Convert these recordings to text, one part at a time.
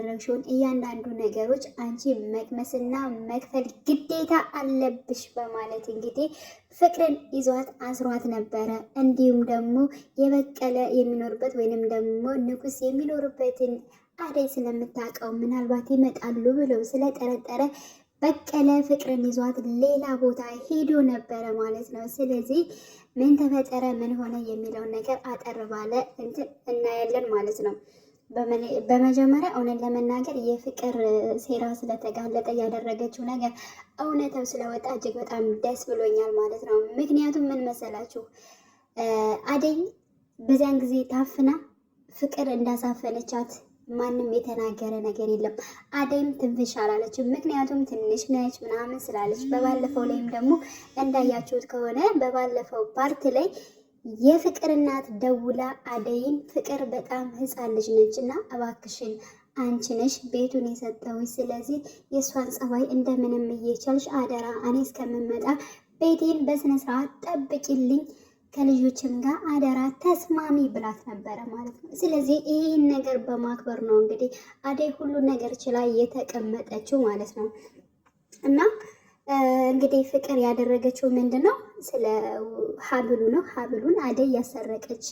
ያደረግሽውን እያንዳንዱ ነገሮች አንቺ መቅመስና መክፈል ግዴታ አለብሽ በማለት እንግዲህ ፍቅርን ይዟት አስሯት ነበረ። እንዲሁም ደግሞ የበቀለ የሚኖርበት ወይንም ደግሞ ንጉስ የሚኖርበትን አደይ ስለምታውቀው ምናልባት ይመጣሉ ብለው ስለጠረጠረ በቀለ ፍቅርን ይዟት ሌላ ቦታ ሄዶ ነበረ ማለት ነው። ስለዚህ ምን ተፈጠረ፣ ምን ሆነ የሚለውን ነገር አጠር ባለ እንትን እናያለን ማለት ነው። በመጀመሪያ እውነት ለመናገር የፍቅር ሴራ ስለተጋለጠ ያደረገችው ነገር እውነትም ስለወጣ እጅግ በጣም ደስ ብሎኛል ማለት ነው። ምክንያቱም ምን መሰላችሁ አደይ በዚያን ጊዜ ታፍና ፍቅር እንዳሳፈነቻት ማንም የተናገረ ነገር የለም። አደይም ትንፍሽ አላለችም። ምክንያቱም ትንሽ ነች ምናምን ስላለች። በባለፈው ላይም ደግሞ እንዳያችሁት ከሆነ በባለፈው ፓርት ላይ የፍቅር እናት ደውላ አደይን ፍቅር በጣም ህፃን ልጅ ነች እና እባክሽን አንቺ ነሽ ቤቱን የሰጠሁሽ፣ ስለዚህ የእሷን ጸባይ እንደምንም እየቻልሽ አደራ እኔ እስከምመጣ ቤቴን በስነ ስርዓት ጠብቂልኝ፣ ከልጆችም ጋር አደራ ተስማሚ ብላት ነበረ ማለት ነው። ስለዚህ ይህን ነገር በማክበር ነው እንግዲህ አደይ ሁሉ ነገር ችላ የተቀመጠችው ማለት ነው እና እንግዲህ ፍቅር ያደረገችው ምንድን ነው ስለ ሀብሉ ነው። ሀብሉን አደይ ያሰረቀች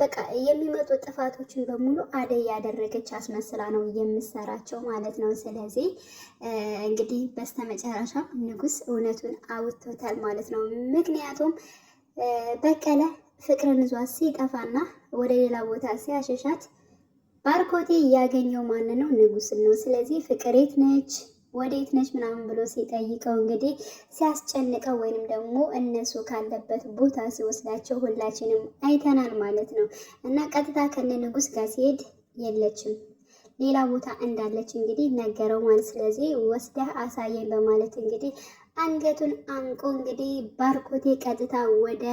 በቃ የሚመጡ ጥፋቶችን በሙሉ አደይ ያደረገች አስመስላ ነው የምሰራቸው ማለት ነው። ስለዚህ እንግዲህ በስተመጨረሻ ንጉስ እውነቱን አውጥቶታል ማለት ነው። ምክንያቱም በቀለ ፍቅርን ይዟት ሲጠፋና ወደ ሌላ ቦታ ሲያሸሻት ባርኮቴ ያገኘው ማን ነው? ንጉስን ነው። ስለዚህ ፍቅሬት ነች ወዴት ነች ምናምን ብሎ ሲጠይቀው እንግዲህ ሲያስጨንቀው ወይንም ደግሞ እነሱ ካለበት ቦታ ሲወስዳቸው ሁላችንም አይተናል ማለት ነው። እና ቀጥታ ከነ ንጉስ ጋር ሲሄድ የለችም ሌላ ቦታ እንዳለች እንግዲህ ነገረው ማለት ስለዚህ ወስደህ አሳየን በማለት እንግዲህ አንገቱን አንቆ እንግዲህ ባርኮቴ ቀጥታ ወደ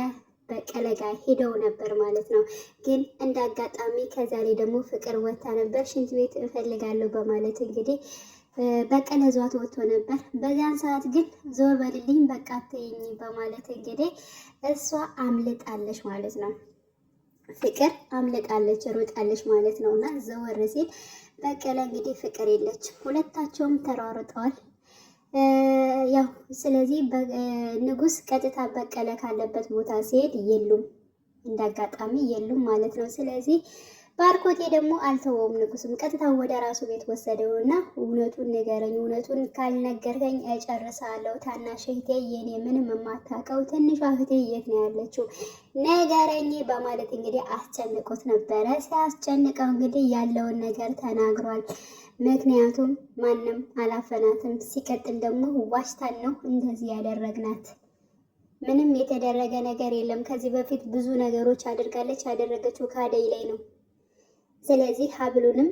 በቀለ ጋር ሄደው ነበር ማለት ነው። ግን እንዳጋጣሚ ከዛ ደግሞ ፍቅር ወታ ነበር ሽንት ቤት እፈልጋለሁ በማለት እንግዲህ በቀለ ዟት ወጥቶ ነበር። በዚያን ሰዓት ግን ዞር በልልኝ በቃ ተይኝ በማለት እንግዲህ እሷ አምልጣለች ማለት ነው። ፍቅር አምልጣለች ሩጣለች ማለት ነው። እና ዘወር ሲል በቀለ እንግዲህ ፍቅር የለች ሁለታቸውም ተሯሩጠዋል። ያው ስለዚህ ንጉስ ቀጥታ በቀለ ካለበት ቦታ ሲሄድ የሉም፣ እንዳጋጣሚ የሉም ማለት ነው። ስለዚህ ባርኮቴ ደግሞ አልተወውም። ንጉስም ቀጥታ ወደ ራሱ ቤት ወሰደው እና እውነቱን ንገረኝ፣ እውነቱን ካልነገርከኝ እጨርሳለሁ። ታናሽ እህቴ የኔ ምንም የማታውቀው ትንሿ እህቴ የት ነው ያለችው? ንገረኝ በማለት እንግዲህ አስጨንቆት ነበረ። ሲያስጨንቀው እንግዲህ ያለውን ነገር ተናግሯል። ምክንያቱም ማንም አላፈናትም። ሲቀጥል ደግሞ ዋሽታን ነው እንደዚህ ያደረግናት። ምንም የተደረገ ነገር የለም። ከዚህ በፊት ብዙ ነገሮች አድርጋለች። ያደረገችው ከአደይ ላይ ነው። ስለዚህ ሀብሉንም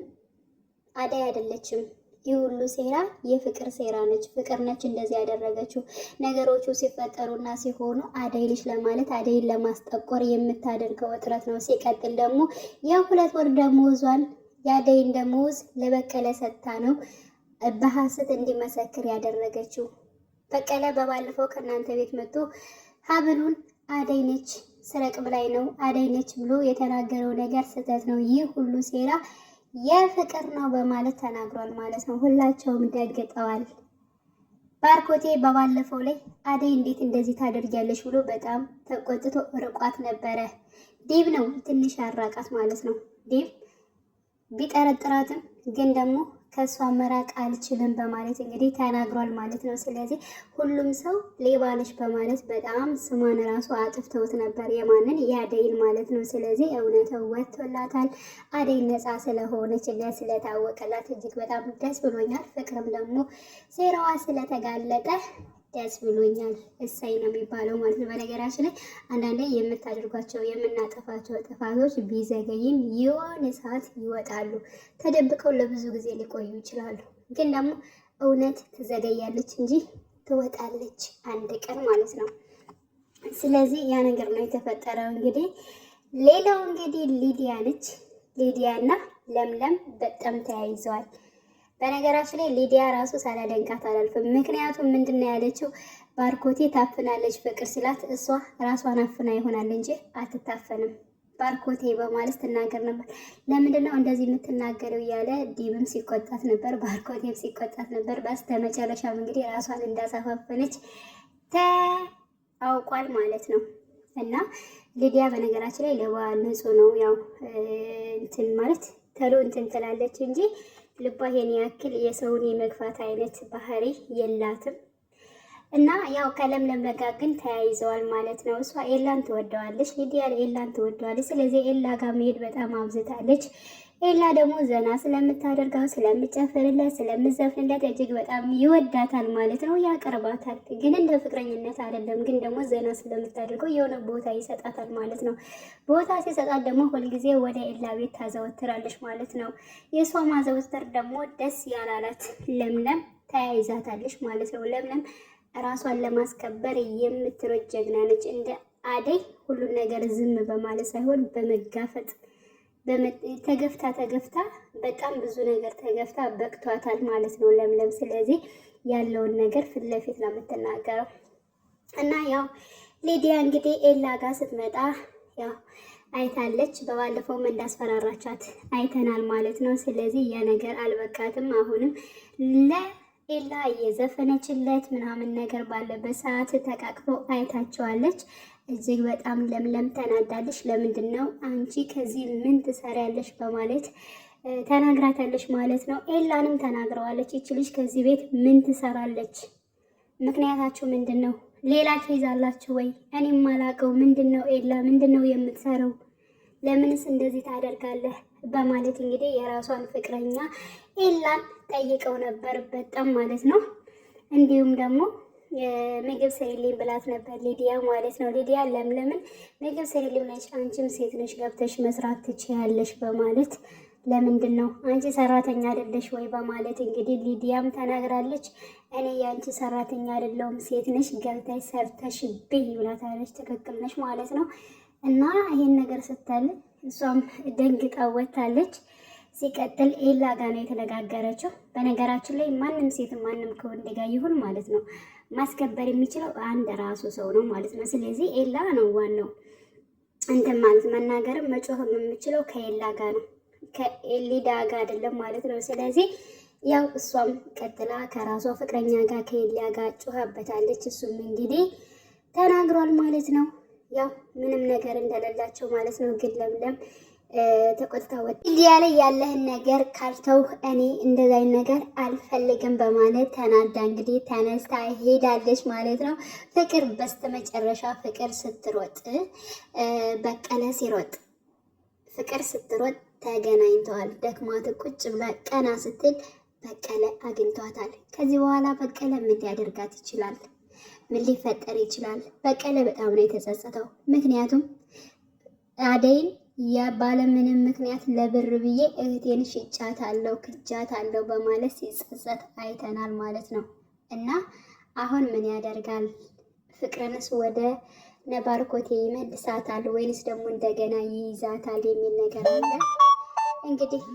አዳይ አይደለችም። ይህ ሁሉ ሴራ የፍቅር ሴራ ነች። ፍቅር ነች እንደዚህ ያደረገችው። ነገሮቹ ሲፈጠሩና ሲሆኑ አደይ ልጅ ለማለት አደይን ለማስጠቆር የምታደርገው ጥረት ነው። ሲቀጥል ደግሞ የሁለት ወር ደሞዟን የአደይን ደሞዝ ለበቀለ ሰጥታ ነው በሐሰት እንዲመሰክር ያደረገችው። በቀለ በባለፈው ከእናንተ ቤት መጥቶ ሀብሉን አደይ ነች ስረቅ ብላይ ነው አደይ ነች ብሎ የተናገረው ነገር ስህተት ነው። ይህ ሁሉ ሴራ የፍቅር ነው በማለት ተናግሯል ማለት ነው። ሁላቸውም ደግጠዋል። ባርኮቴ በባለፈው ላይ አደይ እንዴት እንደዚህ ታደርጊያለሽ ብሎ በጣም ተቆጥቶ ርቋት ነበረ። ዴብ ነው ትንሽ አራቃት ማለት ነው። ዴብ ቢጠረጥራትም ግን ደግሞ ከእሷ መራቅ አልችልም በማለት እንግዲህ ተናግሯል ማለት ነው። ስለዚህ ሁሉም ሰው ሌባ ነች በማለት በጣም ስሟን ራሱ አጥፍተውት ነበር፣ የማንን የአደይን ማለት ነው። ስለዚህ እውነተው ወጥቶላታል። አደይ ነፃ ስለሆነች ስለታወቀላት እጅግ በጣም ደስ ብሎኛል። ፍቅርም ደግሞ ሴራዋ ስለተጋለጠ ደስ ብሎኛል እሰይ ነው የሚባለው ማለት ነው። በነገራችን ላይ አንዳንዴ የምታደርጓቸው የምናጠፋቸው ጥፋቶች ቢዘገይም የሆነ ሰዓት ይወጣሉ። ተደብቀው ለብዙ ጊዜ ሊቆዩ ይችላሉ። ግን ደግሞ እውነት ትዘገያለች እንጂ ትወጣለች አንድ ቀን ማለት ነው። ስለዚህ ያ ነገር ነው የተፈጠረው። እንግዲህ ሌላው እንግዲህ ሊዲያ ነች። እና ለምለም በጣም ተያይዘዋል። በነገራችን ላይ ሊዲያ ራሱ ሳላደንቃት አላልፍም። ምክንያቱም ምንድን ነው ያለችው ባርኮቴ ታፍናለች ፍቅር ሲላት እሷ ራሷን አፍና ይሆናል እንጂ አትታፈንም ባርኮቴ በማለት ትናገር ነበር። ለምንድን ነው እንደዚህ የምትናገረው እያለ ዲብም ሲቆጣት ነበር፣ ባርኮቴም ሲቆጣት ነበር። በስተመጨረሻም እንግዲህ ራሷን እንዳሳፋፈነች ተአውቋል ማለት ነው። እና ሊዲያ በነገራችን ላይ ለበዓል ንጹህ ነው ያው እንትን ማለት ተሎ እንትን ትላለች እንጂ ልባ ይሄን ያክል የሰውን የመግፋት አይነት ባህሪ የላትም እና ያው ከለምለም ጋር ግን ተያይዘዋል ማለት ነው። እሷ ኤላን ትወደዋለች፣ ሊዲያ ኤላን ትወደዋለች። ስለዚህ ኤላ ጋር መሄድ በጣም አብዝታለች። ኤላ ደግሞ ዘና ስለምታደርገው ስለምጨፍርለት፣ ስለምዘፍንለት እጅግ በጣም ይወዳታል ማለት ነው። ያቀርባታል፣ ግን እንደ ፍቅረኝነት አይደለም። ግን ደግሞ ዘና ስለምታደርገው የሆነ ቦታ ይሰጣታል ማለት ነው። ቦታ ሲሰጣት ደግሞ ሁልጊዜ ወደ ኤላ ቤት ታዘወትራለች ማለት ነው። የእሷ ማዘወትር ደግሞ ደስ ያላላት ለምለም ተያይዛታለች ማለት ነው። ለምለም ራሷን ለማስከበር የምትሮጥ ጀግና ነች። እንደ አደይ ሁሉን ነገር ዝም በማለት ሳይሆን በመጋፈጥ ተገፍታ ተገፍታ በጣም ብዙ ነገር ተገፍታ በቅቷታል ማለት ነው ለምለም። ስለዚህ ያለውን ነገር ፊት ለፊት ነው የምትናገረው እና ያው ሊዲያ እንግዲህ ኤላ ጋር ስትመጣ ያው አይታለች። በባለፈውም እንዳስፈራራቻት አይተናል ማለት ነው። ስለዚህ ያ ነገር አልበቃትም። አሁንም ለኤላ እየዘፈነችለት ምናምን ነገር ባለበት ሰዓት ተቃቅፈው አይታቸዋለች። እጅግ በጣም ለምለም ተናዳለች። ለምንድን ነው አንቺ ከዚህ ምን ትሰሪያለሽ? በማለት ተናግራታለች ማለት ነው። ኤላንም ተናግረዋለች። ይቺ ልጅ ከዚህ ቤት ምን ትሰራለች? ምክንያታችሁ ምንድን ነው? ሌላ ኬዝ አላችሁ ወይ? እኔም ማላቀው ምንድን ነው ኤላ፣ ምንድን ነው የምትሰራው? ለምንስ እንደዚህ ታደርጋለህ? በማለት እንግዲህ የራሷን ፍቅረኛ ኤላን ጠይቀው ነበር። በጣም ማለት ነው እንዲሁም ደግሞ የምግብ ስሪልኝ ብላት ነበር ሊዲያ ማለት ነው። ሊዲያ ለምለምን ምግብ ስሪልኝ ነች፣ አንቺም ሴት ነሽ ገብተሽ መስራት ትችያለሽ በማለት ለምንድን ነው አንቺ ሰራተኛ አይደለሽ ወይ በማለት እንግዲህ ሊዲያም ተናግራለች። እኔ የአንቺ ሰራተኛ አይደለሁም ሴት ነሽ ገብተሽ ሰርተሽ ብይ ብላታለች። ትክክል ነሽ ማለት ነው። እና ይህን ነገር ስታል እሷም ደንግጣ ወታለች። ሲቀጥል ኤላ ጋር ነው የተነጋገረችው። በነገራችን ላይ ማንም ሴት ማንም ከወንድ ጋር ይሁን ማለት ነው ማስከበር የሚችለው አንድ ራሱ ሰው ነው ማለት ነው። ስለዚህ ኤላ ነው ዋናው እንትን ማለት መናገርም መጮህም የምችለው ከኤላ ጋር ነው ከኤሊዳ ጋር አይደለም ማለት ነው። ስለዚህ ያው እሷም ቀጥላ ከራሷ ፍቅረኛ ጋር ከኤሊያ ጋር ጮሃበታለች። እሱም እንግዲህ ተናግሯል ማለት ነው። ያው ምንም ነገር እንደሌላቸው ማለት ነው። ግን ለምለም ተቆጥታ ወጥ ሚዲያ ላይ ያለህን ነገር ካልተው እኔ እንደዛ ነገር አልፈልግም በማለት ተናዳ እንግዲህ ተነስታ ሄዳለች ማለት ነው። ፍቅር በስተመጨረሻ ፍቅር ስትሮጥ በቀለ ሲሮጥ ፍቅር ስትሮጥ ተገናኝተዋል። ደክማት ቁጭ ብላ ቀና ስትል በቀለ አግኝቷታል። ከዚህ በኋላ በቀለ ምን ሊያደርጋት ይችላል? ምን ሊፈጠር ይችላል? በቀለ በጣም ነው የተጸጸተው። ምክንያቱም አደይን ባለምንም ምክንያት ለብር ብዬ እህቴን ሽጫት አለው ክጃት አለው በማለት ሲጸጸት አይተናል ማለት ነው። እና አሁን ምን ያደርጋል? ፍቅርንስ ወደ ነባርኮቴ ይመልሳታል ወይንስ ደግሞ እንደገና ይይዛታል የሚል ነገር አለ እንግዲህ